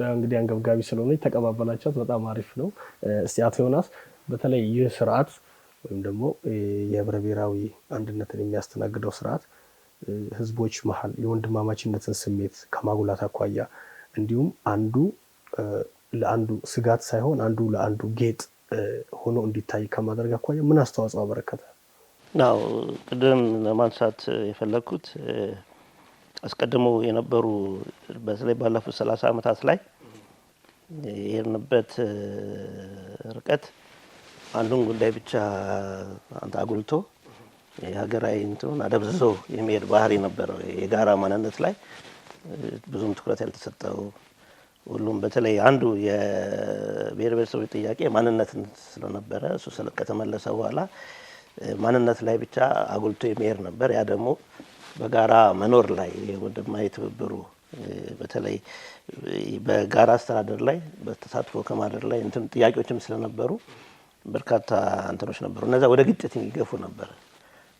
ጉዳዩ እንግዲህ አንገብጋቢ ስለሆነ ተቀባበላቸው በጣም አሪፍ ነው። እስቲ አቶ ዮናስ በተለይ ይህ ስርዓት ወይም ደግሞ የህብረ ብሔራዊ አንድነትን የሚያስተናግደው ስርዓት ህዝቦች መሀል የወንድማማችነትን ስሜት ከማጉላት አኳያ እንዲሁም አንዱ ለአንዱ ስጋት ሳይሆን አንዱ ለአንዱ ጌጥ ሆኖ እንዲታይ ከማድረግ አኳያ ምን አስተዋጽኦ አበረከተ? ናው ቅድም ለማንሳት የፈለግኩት አስቀድሞ የነበሩ በተለይ ባለፉት ሰላሳ ዓመታት ላይ የሄድንበት ርቀት አንዱን ጉዳይ ብቻ አጉልቶ የሀገራዊ እንትኑን አደብዝዞ የሚሄድ ባህሪ ነበረው። የጋራ ማንነት ላይ ብዙም ትኩረት ያልተሰጠው ሁሉም በተለይ አንዱ የብሔር ብሔረሰቦች ጥያቄ ማንነትን ስለነበረ እሱ ከተመለሰ በኋላ ማንነት ላይ ብቻ አጉልቶ የሚሄድ ነበር። ያ ደግሞ በጋራ መኖር ላይ ወንድማዊ ትብብሩ በተለይ በጋራ አስተዳደር ላይ በተሳትፎ ከማደር ላይ እንትን ጥያቄዎችም ስለነበሩ በርካታ እንትኖች ነበሩ። እነዛ ወደ ግጭት የሚገፉ ነበር።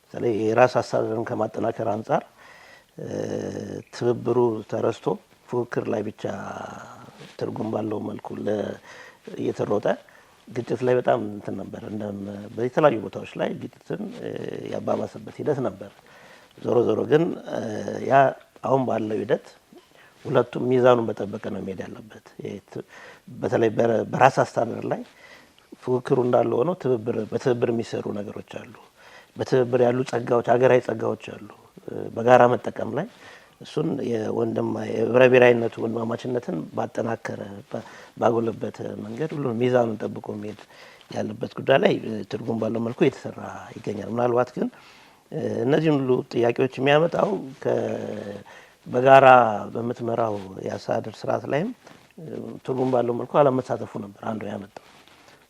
በተለይ የራስ አስተዳደርን ከማጠናከር አንጻር ትብብሩ ተረስቶ ፉክክር ላይ ብቻ ትርጉም ባለው መልኩ እየተሮጠ ግጭት ላይ በጣም እንትን ነበር። በተለያዩ ቦታዎች ላይ ግጭትን ያባባሰበት ሂደት ነበር። ዞሮ ዞሮ ግን ያ አሁን ባለው ሂደት ሁለቱም ሚዛኑን በጠበቀ ነው መሄድ ያለበት። በተለይ በራስ አስተዳደር ላይ ፉክክሩ እንዳለ ሆነው ትብብር በትብብር የሚሰሩ ነገሮች አሉ። በትብብር ያሉ ጸጋዎች፣ ሀገራዊ ጸጋዎች አሉ። በጋራ መጠቀም ላይ እሱን የወንድማ የብሔራዊነቱ ወንድማማችነትን ባጠናከረ ባጎለበት መንገድ ሁሉ ሚዛኑን ጠብቆ መሄድ ያለበት ጉዳይ ላይ ትርጉም ባለው መልኩ እየተሰራ ይገኛል። ምናልባት ግን እነዚህን ሁሉ ጥያቄዎች የሚያመጣው በጋራ በምትመራው የአስተዳደር ስርዓት ላይም ትርጉም ባለው መልኩ አለመሳተፉ ነበር አንዱ ያመጣው።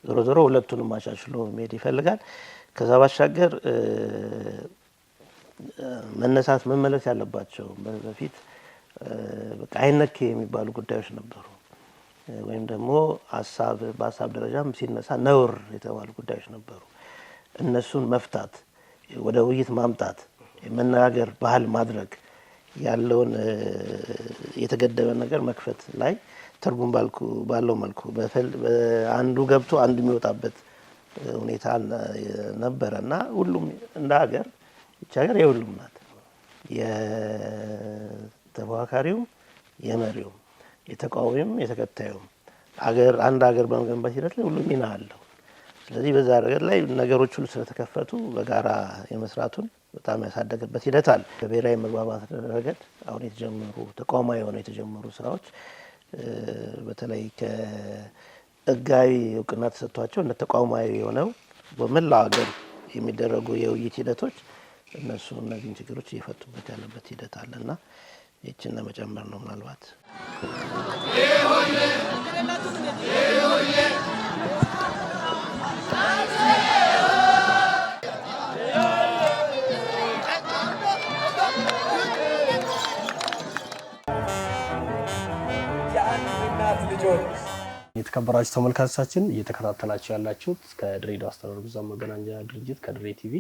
ዞሮ ዞሮ ሁለቱንም አሻሽሎ መሄድ ይፈልጋል። ከዛ ባሻገር መነሳት መመለስ ያለባቸው በፊት በቃ አይነኬ የሚባሉ ጉዳዮች ነበሩ፣ ወይም ደግሞ ሀሳብ በሀሳብ ደረጃም ሲነሳ ነውር የተባሉ ጉዳዮች ነበሩ። እነሱን መፍታት፣ ወደ ውይይት ማምጣት፣ የመነጋገር ባህል ማድረግ ያለውን የተገደበ ነገር መክፈት ላይ ትርጉም ባልኩ ባለው መልኩ አንዱ ገብቶ አንዱ የሚወጣበት ሁኔታ ነበረ እና ሁሉም እንደ ሀገር ይች ሀገር የሁሉም ናት። የተፎካካሪውም፣ የመሪውም፣ የተቃዋሚውም፣ የተከታዩም አገር አንድ ሀገር በመገንባት ሂደት ላይ ሁሉም ሚና አለው። ስለዚህ በዛ ረገድ ላይ ነገሮች ሁሉ ስለተከፈቱ በጋራ የመስራቱን በጣም ያሳደገበት ሂደት አለ። በብሔራዊ መግባባት ረገድ አሁን የተጀመሩ ተቋማዊ የሆነ የተጀመሩ ስራዎች በተለይ ከህጋዊ እውቅና ተሰጥቷቸው እንደ ተቋማዊ የሆነው በመላው ሀገር የሚደረጉ የውይይት ሂደቶች እነሱ እነዚህን ችግሮች እየፈቱበት ያለበት ሂደት አለ እና ይችን ለመጨመር ነው ምናልባት የተከበራችሁ ተመልካቾቻችን እየተከታተላችሁ ያላችሁት ከድሬዳዋ አስተዳደር ብዙኃን መገናኛ ድርጅት ከድሬ ቲቪ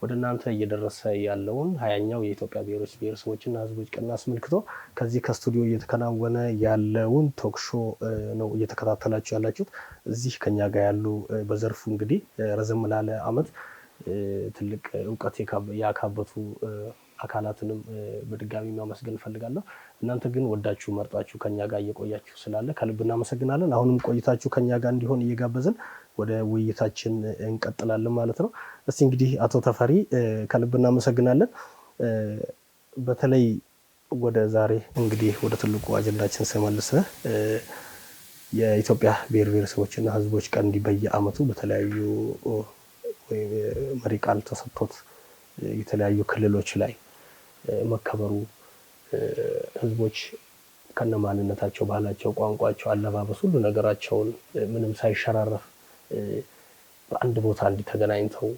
ወደ እናንተ እየደረሰ ያለውን ሀያኛው የኢትዮጵያ ብሔሮች ብሔረሰቦችና ሕዝቦች ቀን አስመልክቶ ከዚህ ከስቱዲዮ እየተከናወነ ያለውን ቶክሾ ነው እየተከታተላችሁ ያላችሁት። እዚህ ከኛ ጋር ያሉ በዘርፉ እንግዲህ ረዘም ላለ ዓመት ትልቅ እውቀት ያካበቱ አካላትንም በድጋሚ ማመስገን እንፈልጋለሁ። እናንተ ግን ወዳችሁ መርጣችሁ ከኛ ጋር እየቆያችሁ ስላለ ከልብ እናመሰግናለን። አሁንም ቆይታችሁ ከኛ ጋር እንዲሆን እየጋበዝን ወደ ውይይታችን እንቀጥላለን ማለት ነው። እስቲ እንግዲህ አቶ ተፈሪ ከልብ እናመሰግናለን። በተለይ ወደ ዛሬ እንግዲህ ወደ ትልቁ አጀንዳችን ስመልስ የኢትዮጵያ ብሔር ብሔረሰቦችና ሕዝቦች ቀን እንዲህ በየአመቱ በተለያዩ መሪ ቃል ተሰጥቶት የተለያዩ ክልሎች ላይ መከበሩ ህዝቦች ከነማንነታቸው፣ ባህላቸው፣ ቋንቋቸው፣ አለባበስ ሁሉ ነገራቸውን ምንም ሳይሸራረፍ በአንድ ቦታ እንዲተገናኝተው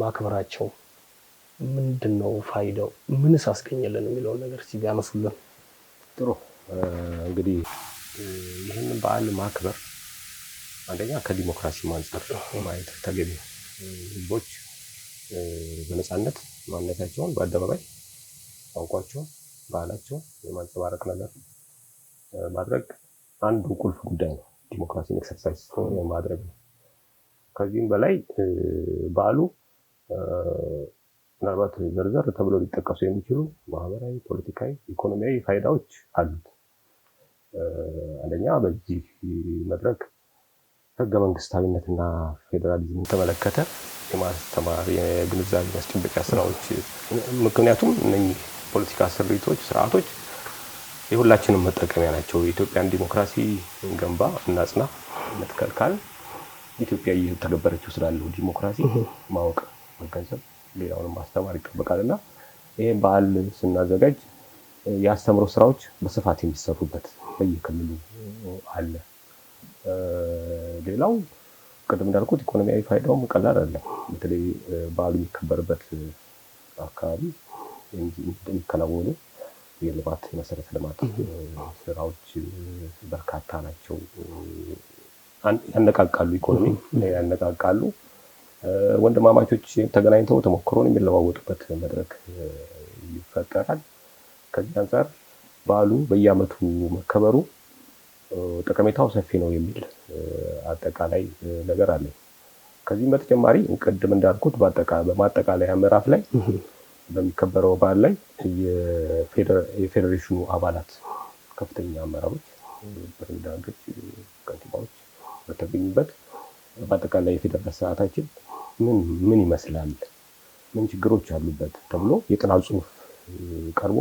ማክበራቸው ምንድን ነው ፋይዳው? ምንስ አስገኘልን የሚለውን ነገር እስኪ ቢያነሱልን ጥሩ። እንግዲህ ይህንን በዓል ማክበር አንደኛ ከዲሞክራሲ አንጻር ማየት ተገቢ፣ ህዝቦች በነፃነት ማንነታቸውን በአደባባይ ቋንቋቸው፣ ባህላቸው የማንጸባረቅ ነገር ማድረግ አንዱ ቁልፍ ጉዳይ ነው። ዲሞክራሲን ኤክሰርሳይዝ ማድረግ ነው። ከዚህም በላይ በዓሉ ምናልባት ዘርዘር ተብሎ ሊጠቀሱ የሚችሉ ማህበራዊ፣ ፖለቲካዊ፣ ኢኮኖሚያዊ ፋይዳዎች አሉት። አንደኛ በዚህ መድረክ ህገ መንግስታዊነትና ፌዴራሊዝም የተመለከተ የማስተማር የግንዛቤ ማስጨበቂያ ስራዎች ምክንያቱም እነኚህ ፖለቲካ ስሪቶች፣ ስርዓቶች የሁላችንም መጠቀሚያ ናቸው። የኢትዮጵያን ዲሞክራሲ እንገንባ፣ እናጽና፣ መትከልካል ኢትዮጵያ እየተገበረችው ስላለው ዲሞክራሲ ማወቅ፣ መገንዘብ፣ ሌላውንም ማስተማር ይጠበቃል እና ይሄ በዓል ስናዘጋጅ የአስተምሮ ስራዎች በስፋት የሚሰሩበት በየክልሉ አለ። ሌላው ቅድም እንዳልኩት ኢኮኖሚያዊ ፋይዳውም ቀላል አለ። በተለይ በዓሉ የሚከበርበት አካባቢ እንደሚከናወኑ የልማት የመሰረተ ልማት ስራዎች በርካታ ናቸው። ያነቃቃሉ፣ ኢኮኖሚ ያነቃቃሉ። ወንድማማቾች ተገናኝተው ተሞክሮን የሚለዋወጡበት መድረክ ይፈጠራል። ከዚህ አንጻር በዓሉ በየዓመቱ መከበሩ ጠቀሜታው ሰፊ ነው የሚል አጠቃላይ ነገር አለኝ። ከዚህም በተጨማሪ ቅድም እንዳልኩት በማጠቃለያ ምዕራፍ ላይ በሚከበረው በዓል ላይ የፌዴሬሽኑ አባላት ከፍተኛ አመራሮች፣ ፕሬዚዳንቶች፣ ከንቲባዎች በተገኙበት በአጠቃላይ የፌዴራል ስርዓታችን ምን ምን ይመስላል፣ ምን ችግሮች አሉበት ተብሎ የጥናት ጽሁፍ ቀርቦ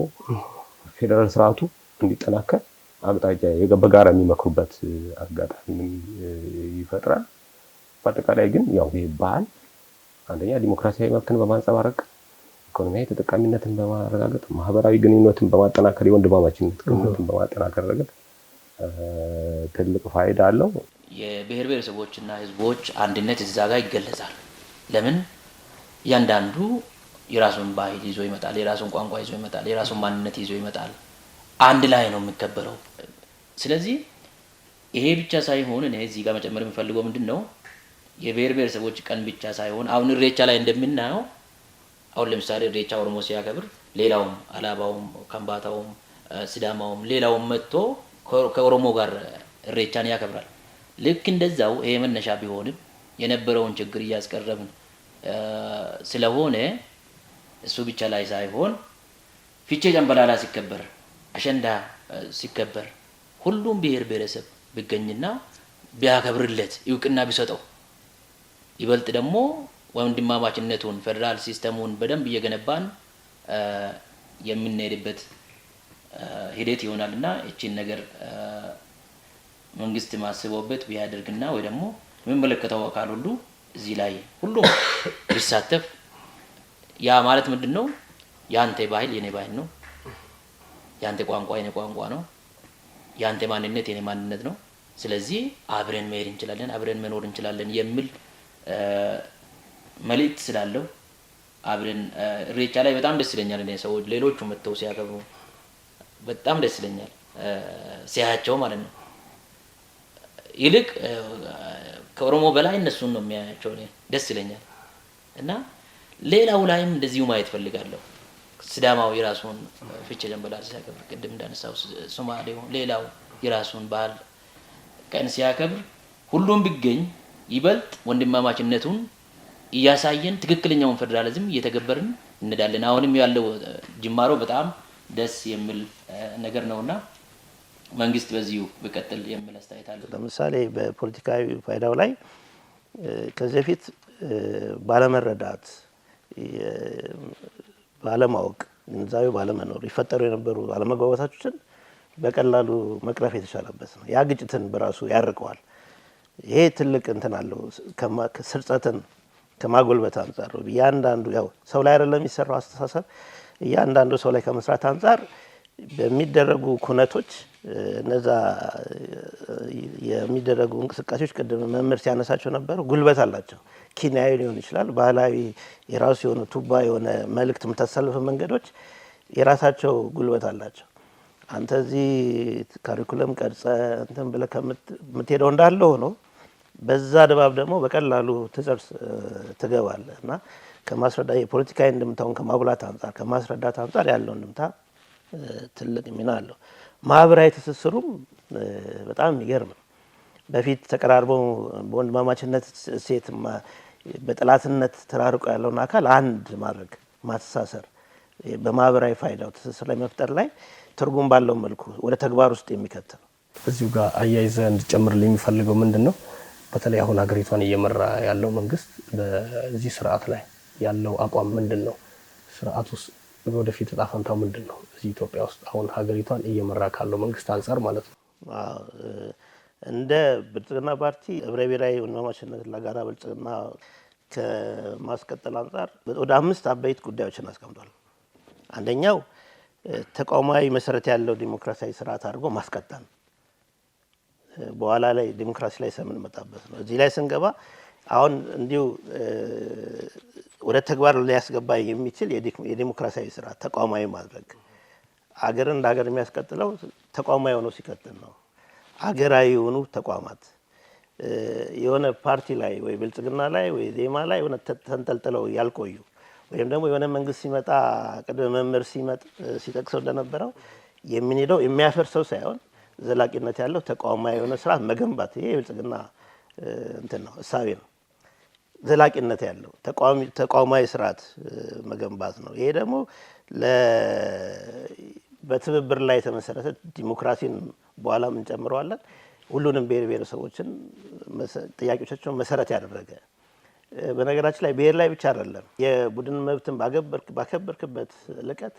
ፌዴራል ስርዓቱ እንዲጠናከር አቅጣጫ በጋራ የሚመክሩበት አጋጣሚ ይፈጥራል። በአጠቃላይ ግን ያው ይህ በዓል አንደኛ ዲሞክራሲያዊ መብትን በማንጸባረቅ ኢኮኖሚያዊ ተጠቃሚነትን በማረጋገጥ ማህበራዊ ግንኙነትን በማጠናከር የወንድማማችነት ግንኙነትን በማጠናከር ረገድ ትልቅ ፋይዳ አለው። የብሔር ብሔረሰቦችና ህዝቦች አንድነት እዛ ጋር ይገለጻል። ለምን እያንዳንዱ የራሱን ባህል ይዞ ይመጣል፣ የራሱን ቋንቋ ይዞ ይመጣል፣ የራሱን ማንነት ይዞ ይመጣል። አንድ ላይ ነው የሚከበረው። ስለዚህ ይሄ ብቻ ሳይሆን እኔ እዚህ ጋር መጨመር የሚፈልገው ምንድን ነው የብሔር ብሔረሰቦች ቀን ብቻ ሳይሆን አሁን እሬቻ ላይ እንደምናየው አሁን ለምሳሌ ሬቻ ኦሮሞ ሲያከብር ሌላውም አላባውም፣ ከንባታውም ሲዳማውም ሌላውም መጥቶ ከኦሮሞ ጋር እሬቻን ያከብራል። ልክ እንደዛው ይሄ መነሻ ቢሆንም የነበረውን ችግር እያስቀረብን ስለሆነ እሱ ብቻ ላይ ሳይሆን ፊቼ ጨንበላላ ሲከበር፣ አሸንዳ ሲከበር ሁሉም ብሔር ብሔረሰብ ቢገኝና ቢያከብርለት እውቅና ቢሰጠው ይበልጥ ደግሞ ወንድማማችነቱን ፌዴራል ሲስተሙን በደንብ እየገነባን የምንሄድበት ሂደት ይሆናል እና እቺን ነገር መንግስት ማስበውበት ቢያደርግና ወይ ደግሞ የሚመለከተው አካል ሁሉ እዚህ ላይ ሁሉም ቢሳተፍ፣ ያ ማለት ምንድን ነው? ያንተ ባህል የኔ ባህል ነው፣ ያንተ ቋንቋ የኔ ቋንቋ ነው፣ ያንተ ማንነት የኔ ማንነት ነው። ስለዚህ አብረን መሄድ እንችላለን፣ አብረን መኖር እንችላለን የሚል መልእክት ስላለው አብረን እሬቻ ላይ በጣም ደስ ይለኛል። እኔ ሰዎች ሌሎቹ መጥተው ሲያከብሩ በጣም ደስ ይለኛል ሲያያቸው ማለት ነው። ይልቅ ከኦሮሞ በላይ እነሱን ነው የሚያያቸው። ደስ ይለኛል እና ሌላው ላይም እንደዚሁ ማየት ፈልጋለሁ። ስዳማው የራሱን ፍቼ ጨንበላል ሲያከብር፣ ቅድም እንዳነሳው ሶማሌው፣ ሌላው የራሱን ባህል ቀን ሲያከብር ሁሉም ቢገኝ ይበልጥ ወንድማማችነቱን እያሳየን ትክክለኛውን ፌዴራሊዝም እየተገበርን እንዳለን። አሁንም ያለው ጅማሮ በጣም ደስ የሚል ነገር ነውና መንግስት በዚሁ ብቀጥል የሚል አስተያየት አለ። ለምሳሌ በፖለቲካዊ ፋይዳው ላይ ከዚህ በፊት ባለመረዳት፣ ባለማወቅ፣ ግንዛቤ ባለመኖር ይፈጠሩ የነበሩ አለመግባባቶችን በቀላሉ መቅረፍ የተቻለበት ነው። ያ ግጭትን በራሱ ያርቀዋል። ይሄ ትልቅ እንትን አለው ስርጸትን ከማጎልበት አንጻር ነው። እያንዳንዱ ያው ሰው ላይ አይደለም የሚሰራው አስተሳሰብ እያንዳንዱ ሰው ላይ ከመስራት አንጻር በሚደረጉ ኩነቶች እነዛ የሚደረጉ እንቅስቃሴዎች ቅድም መምህር ሲያነሳቸው ነበሩ ጉልበት አላቸው። ኪናዊ ሊሆን ይችላል፣ ባህላዊ የራሱ የሆነ ቱባ የሆነ መልእክት የምታሳልፍ መንገዶች የራሳቸው ጉልበት አላቸው። አንተ እዚህ ካሪኩለም ቀርጸ እንትን ብለህ ከምትሄደው እንዳለ ሆኖ በዛ ድባብ ደግሞ በቀላሉ ትጸብስ ትገባለ እና ከማስረዳ የፖለቲካ እንድምታውን ከማጉላት አንጻር ከማስረዳት አንጻር ያለው እንድምታ ትልቅ ሚና አለው። ማህበራዊ ትስስሩም በጣም የሚገርም በፊት ተቀራርቦ በወንድማማችነት ሴት በጥላትነት ተራርቆ ያለውን አካል አንድ ማድረግ ማተሳሰር በማህበራዊ ፋይዳው ትስስር ላይ መፍጠር ላይ ትርጉም ባለው መልኩ ወደ ተግባር ውስጥ የሚከተል እዚሁ ጋር አያይዘህ እንድጨምርልኝ የሚፈልገው ምንድን ነው በተለይ አሁን ሀገሪቷን እየመራ ያለው መንግስት በዚህ ስርዓት ላይ ያለው አቋም ምንድን ነው? ስርዓት ውስጥ ወደፊት ዕጣ ፈንታው ምንድን ነው? እዚህ ኢትዮጵያ ውስጥ አሁን ሀገሪቷን እየመራ ካለው መንግስት አንጻር ማለት ነው። እንደ ብልጽግና ፓርቲ ህብረ ብሔራዊ ወንድማማችነት ለጋራ ብልጽግና ከማስቀጠል አንጻር ወደ አምስት አበይት ጉዳዮችን አስቀምጧል። አንደኛው ተቋማዊ መሰረት ያለው ዲሞክራሲያዊ ስርዓት አድርጎ ማስቀጠል በኋላ ላይ ዲሞክራሲ ላይ የምንመጣበት ነው። እዚህ ላይ ስንገባ አሁን እንዲሁ ወደ ተግባር ሊያስገባ የሚችል የዲሞክራሲያዊ ስርዓት ተቋማዊ ማድረግ አገርን እንደ ሀገር የሚያስቀጥለው ተቋማዊ ሆኖ ሲቀጥል ነው። አገራዊ የሆኑ ተቋማት የሆነ ፓርቲ ላይ ወይ ብልጽግና ላይ ወይ ዜማ ላይ የሆነ ተንጠልጥለው ያልቆዩ ወይም ደግሞ የሆነ መንግስት ሲመጣ ቅድመ መምህር ሲመጥ ሲጠቅሰው እንደነበረው የምንሄደው የሚያፈርሰው ሳይሆን ዘላቂነት ያለው ተቋማዊ የሆነ ስራ መገንባት ይሄ የብልጽግና እንትን ነው እሳቤ ነው። ዘላቂነት ያለው ተቋማዊ ስርዓት መገንባት ነው። ይሄ ደግሞ በትብብር ላይ የተመሰረተ ዲሞክራሲን በኋላም እንጨምረዋለን። ሁሉንም ብሔር ብሔረሰቦችን ጥያቄዎቻቸውን መሰረት ያደረገ በነገራችን ላይ ብሔር ላይ ብቻ አይደለም። የቡድን መብትን ባከበርክበት ልቀት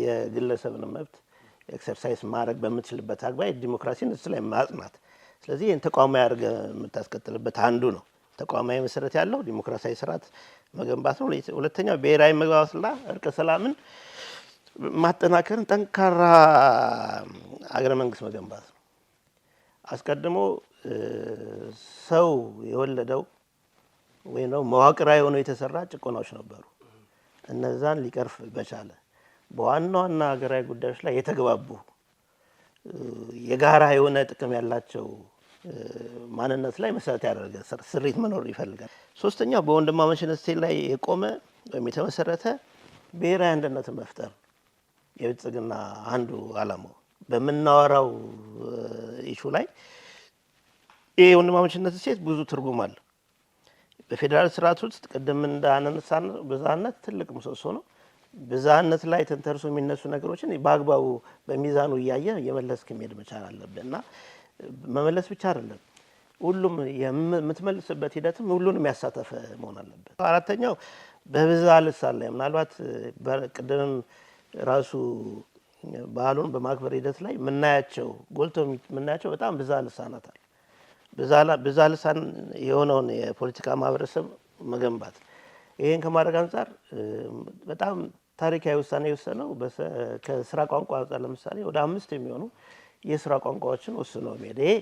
የግለሰብን መብት ኤክሰርሳይዝ ማድረግ በምትችልበት አግባብ ዲሞክራሲን እሱ ላይ ማጽናት። ስለዚህ ይህን ተቋማዊ አድርገ የምታስቀጥልበት አንዱ ነው። ተቋማዊ መሰረት ያለው ዲሞክራሲያዊ ስርዓት መገንባት ነው። ሁለተኛው ብሔራዊ መግባባትና እርቀ ሰላምን ማጠናከርን፣ ጠንካራ አገረ መንግስት መገንባት ነው። አስቀድሞ ሰው የወለደው ወይም ደግሞ መዋቅራዊ ሆነው የተሰራ ጭቆናዎች ነበሩ። እነዛን ሊቀርፍ በቻለ በዋና ዋና ሀገራዊ ጉዳዮች ላይ የተግባቡ የጋራ የሆነ ጥቅም ያላቸው ማንነት ላይ መሰረት ያደረገ ስሪት መኖር ይፈልጋል። ሶስተኛው በወንድማማችነት እሴት ላይ የቆመ ወይም የተመሰረተ ብሔራዊ አንድነት መፍጠር የብልጽግና አንዱ አላማው በምናወራው ኢሹ ላይ ይህ የወንድማማችነት እሴት ብዙ ትርጉም አለ። በፌዴራል ስርዓት ውስጥ ቅድም እንዳነሳ ብዝሃነት ትልቅ ምሰሶ ነው። ብዝሃነት ላይ ተንተርሶ የሚነሱ ነገሮችን በአግባቡ በሚዛኑ እያየ የመለስክ መሄድ መቻል አለብን እና መመለስ ብቻ አይደለም ሁሉም የምትመልስበት ሂደትም ሁሉንም ያሳተፈ መሆን አለበት። አራተኛው በብዛ ልሳለ ላይ ምናልባት ቅድምም ራሱ ባህሉን በማክበር ሂደት ላይ የምናያቸው ጎልቶ የምናያቸው በጣም ብዛ ልሳናት አሉ። ብዛ ልሳን የሆነውን የፖለቲካ ማህበረሰብ መገንባት ይህን ከማድረግ አንጻር በጣም ታሪካዊ ውሳኔ የወሰነው ከስራ ቋንቋ አንጻር ለምሳሌ ወደ አምስት የሚሆኑ የስራ ቋንቋዎችን ወስኖ ሄደ። ይሄ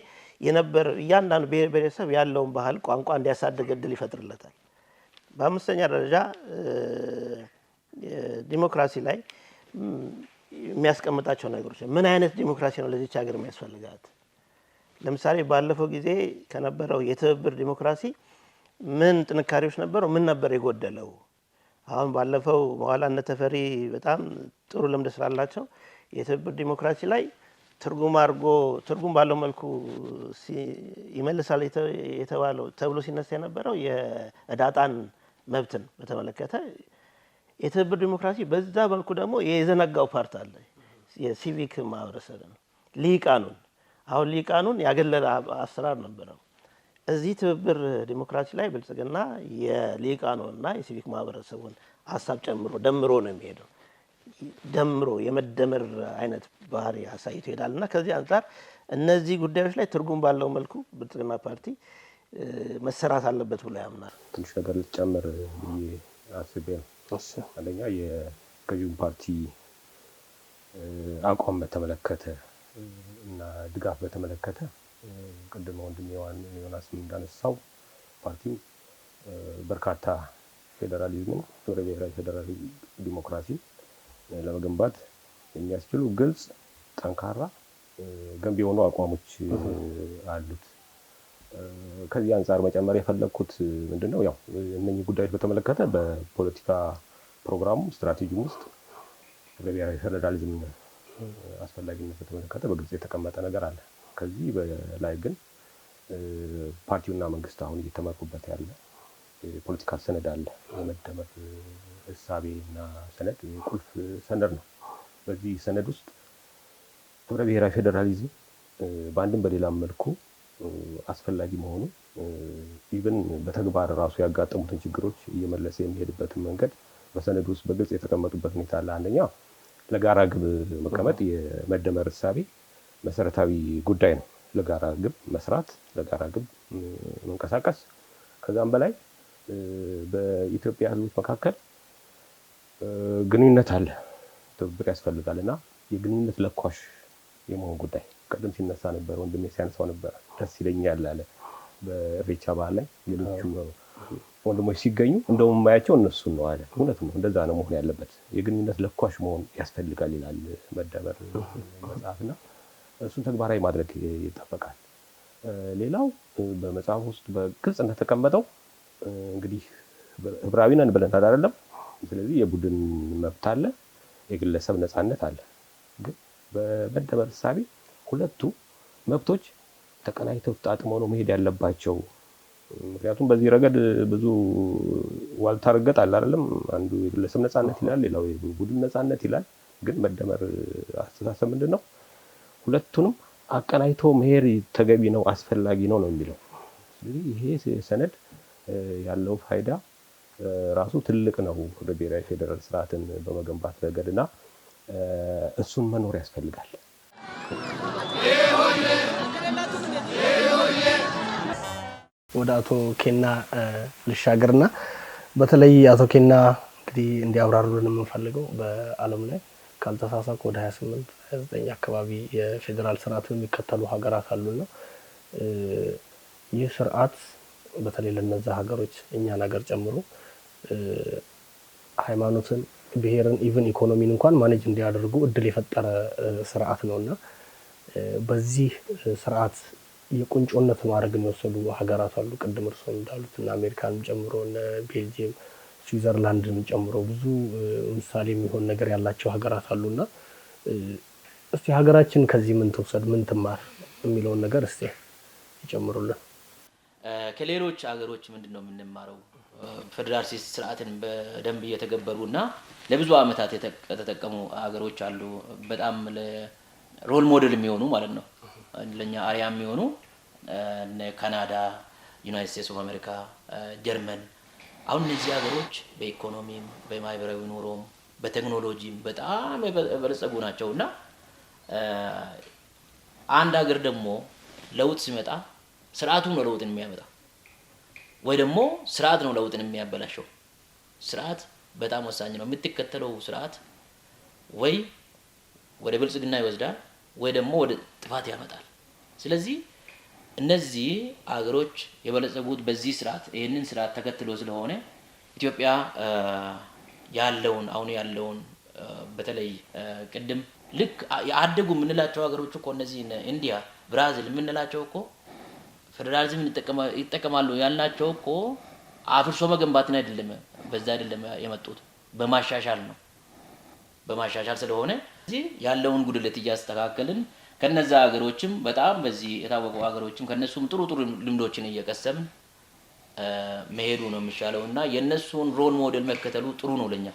የነበር እያንዳንዱ ብሔር ብሔረሰብ ያለውን ባህል ቋንቋ እንዲያሳድግ እድል ይፈጥርለታል። በአምስተኛ ደረጃ ዲሞክራሲ ላይ የሚያስቀምጣቸው ነገሮች ምን አይነት ዲሞክራሲ ነው ለዚች ሀገር የሚያስፈልጋት? ለምሳሌ ባለፈው ጊዜ ከነበረው የትብብር ዲሞክራሲ ምን ጥንካሬዎች ነበረው? ምን ነበር የጎደለው? አሁን ባለፈው በኋላ እነ ተፈሪ በጣም ጥሩ ልምድ ስላላቸው የትብብር ዲሞክራሲ ላይ ትርጉም አድርጎ ትርጉም ባለው መልኩ ይመልሳል የተባለው ተብሎ ሲነሳ የነበረው የእዳጣን መብትን በተመለከተ የትብብር ዲሞክራሲ በዛ መልኩ ደግሞ የዘነጋው ፓርት አለ። የሲቪክ ማህበረሰብን ሊቃኑን አሁን ሊቃኑን ያገለለ አሰራር ነበረው። እዚህ ትብብር ዲሞክራሲ ላይ ብልጽግና የሊቃኖና የሲቪክ ማህበረሰቡን ሀሳብ ጨምሮ ደምሮ ነው የሚሄደው። ደምሮ የመደመር አይነት ባህሪ አሳይቶ ይሄዳል እና ከዚህ አንጻር እነዚህ ጉዳዮች ላይ ትርጉም ባለው መልኩ ብልጽግና ፓርቲ መሰራት አለበት ብሎ ያምናል። ትንሽ ነገር ልትጨምር አስቤ ነው። አንደኛ የገዢውን ፓርቲ አቋም በተመለከተ እና ድጋፍ በተመለከተ ቅድመ ወንድም ዮናስ እንዳነሳው ፓርቲው በርካታ ፌዴራሊዝምን ህብረ ብሔራዊ ፌዴራል ዲሞክራሲ ለመገንባት የሚያስችሉ ግልጽ፣ ጠንካራ፣ ገንቢ የሆኑ አቋሞች አሉት። ከዚህ አንጻር መጨመር የፈለግኩት ምንድን ነው፣ ያው እነኚህ ጉዳዮች በተመለከተ በፖለቲካ ፕሮግራሙ ስትራቴጂም ውስጥ ህብረ ብሔራዊ ፌዴራሊዝም አስፈላጊነት በተመለከተ በግልጽ የተቀመጠ ነገር አለ። ከዚህ በላይ ግን ፓርቲውና መንግስት አሁን እየተመሩበት ያለ የፖለቲካ ሰነድ አለ። የመደመር እሳቤና ሰነድ ቁልፍ ሰነድ ነው። በዚህ ሰነድ ውስጥ ህብረ ብሔራዊ ፌዴራሊዝም በአንድም በሌላም መልኩ አስፈላጊ መሆኑ ኢቨን በተግባር ራሱ ያጋጠሙትን ችግሮች እየመለሰ የሚሄድበትን መንገድ በሰነድ ውስጥ በግልጽ የተቀመጡበት ሁኔታ አለ። አንደኛ ለጋራ ግብ መቀመጥ የመደመር እሳቤ መሰረታዊ ጉዳይ ነው። ለጋራ ግብ መስራት፣ ለጋራ ግብ መንቀሳቀስ ከዛም በላይ በኢትዮጵያ ህዝቦች መካከል ግንኙነት አለ፣ ትብብር ያስፈልጋል እና የግንኙነት ለኳሽ የመሆን ጉዳይ ቀደም ሲነሳ ነበር፣ ወንድሜ ሲያነሳው ነበር። ደስ ይለኛል አለ በሬቻ ባህል ላይ ሌሎቹ ወንድሞች ሲገኙ እንደውም ማያቸው እነሱ ነው አለ። እውነት ነው፣ እንደዛ ነው መሆን ያለበት። የግንኙነት ለኳሽ መሆን ያስፈልጋል ይላል መደመር መጽሐፍና እሱን ተግባራዊ ማድረግ ይጠበቃል። ሌላው በመጽሐፍ ውስጥ በግልጽ እንደተቀመጠው እንግዲህ ህብራዊ ነን ብለን አይደለም? ስለዚህ የቡድን መብት አለ፣ የግለሰብ ነፃነት አለ። ግን በመደመር ሳቤ ሁለቱ መብቶች ተቀናይተው ተጣጥመው ነው መሄድ ያለባቸው። ምክንያቱም በዚህ ረገድ ብዙ ዋልታ ርገጥ አለ አይደለም? አንዱ የግለሰብ ነፃነት ይላል፣ ሌላው የቡድን ነፃነት ይላል። ግን መደመር አስተሳሰብ ምንድን ነው? ሁለቱንም አቀናይቶ መሄድ ተገቢ ነው፣ አስፈላጊ ነው ነው የሚለው። ስለዚህ ይሄ ሰነድ ያለው ፋይዳ ራሱ ትልቅ ነው ብሔራዊ ፌዴራል ስርዓትን በመገንባት ረገድ እና እሱን መኖር ያስፈልጋል። ወደ አቶ ኬና ልሻገርና በተለይ አቶ ኬና እንግዲህ እንዲያብራሩልን የምንፈልገው በዓለም ላይ ካልተሳሳኩ ወደ 28 29 አካባቢ የፌዴራል ስርዓት የሚከተሉ ሀገራት አሉና ይህ ስርዓት በተለይ ለነዛ ሀገሮች እኛን ሀገር ጨምሮ ሃይማኖትን፣ ብሔርን፣ ኢቨን ኢኮኖሚን እንኳን ማኔጅ እንዲያደርጉ እድል የፈጠረ ስርዓት ነው እና በዚህ ስርዓት የቁንጮነት ማድረግ የሚወሰዱ ሀገራት አሉ። ቅድም እርስዎ እንዳሉት እና አሜሪካንም ጨምሮ ቤልጅየም ስዊዘርላንድን ጨምሮ ብዙ ምሳሌ የሚሆን ነገር ያላቸው ሀገራት አሉና እስቲ ሀገራችን ከዚህ ምን ትውሰድ፣ ምን ትማር የሚለውን ነገር እስቲ ይጨምሩልን። ከሌሎች ሀገሮች ምንድን ነው የምንማረው? ሲስ ስርአትን በደንብ እየተገበሩ እና ለብዙ አመታት የተጠቀሙ ሀገሮች አሉ። በጣም ሮል ሞዴል የሚሆኑ ማለት ነው ለእኛ አሪያ የሚሆኑ ካናዳ፣ ዩናይት ስቴትስ ኦፍ አሜሪካ፣ ጀርመን አሁን እነዚህ ሀገሮች በኢኮኖሚም በማህበራዊ ኑሮም በቴክኖሎጂም በጣም የበለጸጉ ናቸው እና አንድ ሀገር ደግሞ ለውጥ ሲመጣ ስርዓቱ ነው ለውጥን የሚያመጣ ወይ ደግሞ ስርዓት ነው ለውጥን የሚያበላሸው። ስርዓት በጣም ወሳኝ ነው። የምትከተለው ስርዓት ወይ ወደ ብልጽግና ይወስዳል ወይ ደግሞ ወደ ጥፋት ያመጣል። ስለዚህ እነዚህ አገሮች የበለጸጉት በዚህ ስርዓት ይህንን ስርዓት ተከትሎ ስለሆነ ኢትዮጵያ ያለውን አሁን ያለውን በተለይ ቅድም ልክ የአደጉ የምንላቸው ሀገሮች እኮ እነዚህ ኢንዲያ፣ ብራዚል የምንላቸው እኮ ፌዴራሊዝም ይጠቀማሉ ያልናቸው እኮ አፍርሶ መገንባትን አይደለም፣ በዛ አይደለም የመጡት በማሻሻል ነው። በማሻሻል ስለሆነ ያለውን ጉድለት እያስተካከልን ከነዛ ሀገሮችም በጣም በዚህ የታወቁ ሀገሮችም ከነሱም ጥሩ ጥሩ ልምዶችን እየቀሰምን መሄዱ ነው የሚሻለው እና የእነሱን ሮል ሞዴል መከተሉ ጥሩ ነው ለኛ።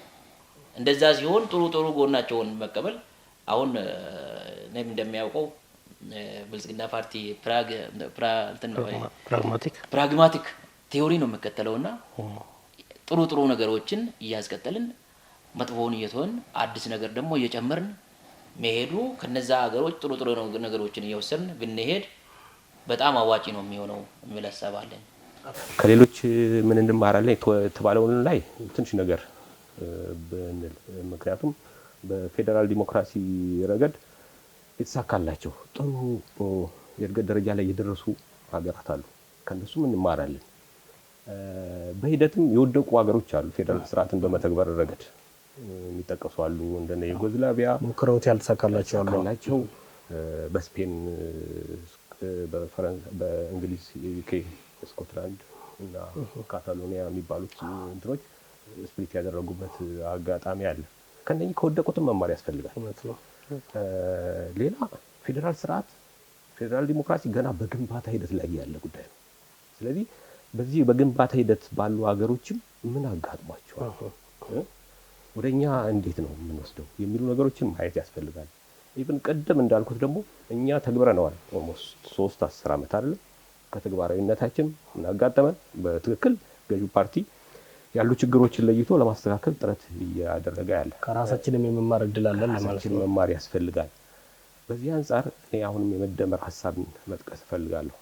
እንደዛ ሲሆን ጥሩ ጥሩ ጎናቸውን መቀበል አሁን እኔም እንደሚያውቀው ብልጽግና ፓርቲ ፕራግማቲክ ቴዎሪ ነው የምከተለው እና ጥሩ ጥሩ ነገሮችን እያስቀጠልን መጥፎውን እየትሆን አዲስ ነገር ደግሞ እየጨመርን መሄዱ ከነዛ ሀገሮች ጥሩ ጥሩ ነገሮችን እየወሰድን ብንሄድ በጣም አዋጪ ነው የሚሆነው የሚል ሀሳብ ከሌሎች ምን እንማራለን የተባለውን ላይ ትንሽ ነገር ብንል፣ ምክንያቱም በፌዴራል ዲሞክራሲ ረገድ የተሳካላቸው ጥሩ የእድገት ደረጃ ላይ የደረሱ ሀገራት አሉ። ከነሱም እንማራለን። በሂደትም የወደቁ ሀገሮች አሉ ፌዴራል ስርዓትን በመተግበር ረገድ የሚጠቀሱ አሉ። እንደነ ዩጎዝላቪያ ሞክረውት ያልተሳካላቸው በስፔን፣ በእንግሊዝ፣ ዩኬ፣ ስኮትላንድ እና ካታሎኒያ የሚባሉት እንትኖች ስፕሊት ያደረጉበት አጋጣሚ አለ። ከነኚህ ከወደቁትም መማር ያስፈልጋል። ሌላ ፌዴራል ስርዓት፣ ፌዴራል ዲሞክራሲ ገና በግንባታ ሂደት ላይ ያለ ጉዳይ ነው። ስለዚህ በዚህ በግንባታ ሂደት ባሉ ሀገሮችም ምን አጋጥሟቸዋል ወደ እኛ እንዴት ነው የምንወስደው የሚሉ ነገሮችን ማየት ያስፈልጋል። ኢቭን ቅድም እንዳልኩት ደግሞ እኛ ተግብረነዋል። ኦልሞስት ሶስት አስር ዓመት አለ ከተግባራዊነታችን እናጋጠመን በትክክል ገዢ ፓርቲ ያሉ ችግሮችን ለይቶ ለማስተካከል ጥረት እያደረገ ያለ ከራሳችንም የመማር እድል አለን። መማር ያስፈልጋል። በዚህ አንጻር እኔ አሁንም የመደመር ሀሳብን መጥቀስ እፈልጋለሁ።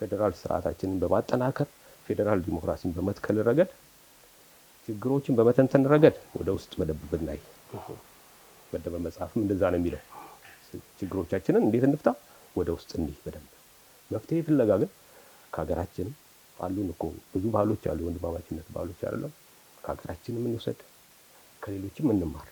ፌዴራል ስርዓታችንን በማጠናከር ፌዴራል ዲሞክራሲን በመትከል ረገድ ችግሮችን በመተንተን ረገድ ወደ ውስጥ በደንብ ብናይ በደንብ መጽሐፍም እንደዛ ነው የሚለው። ችግሮቻችንን እንዴት እንፍታ? ወደ ውስጥ እንዲህ በደንብ መፍትሄ ፍለጋ ግን ከሀገራችንም አሉን እኮ ብዙ ባህሎች አሉ፣ የወንድማማችነት ባህሎች አይደለም። ከሀገራችንም እንውሰድ፣ ከሌሎችም እንማር።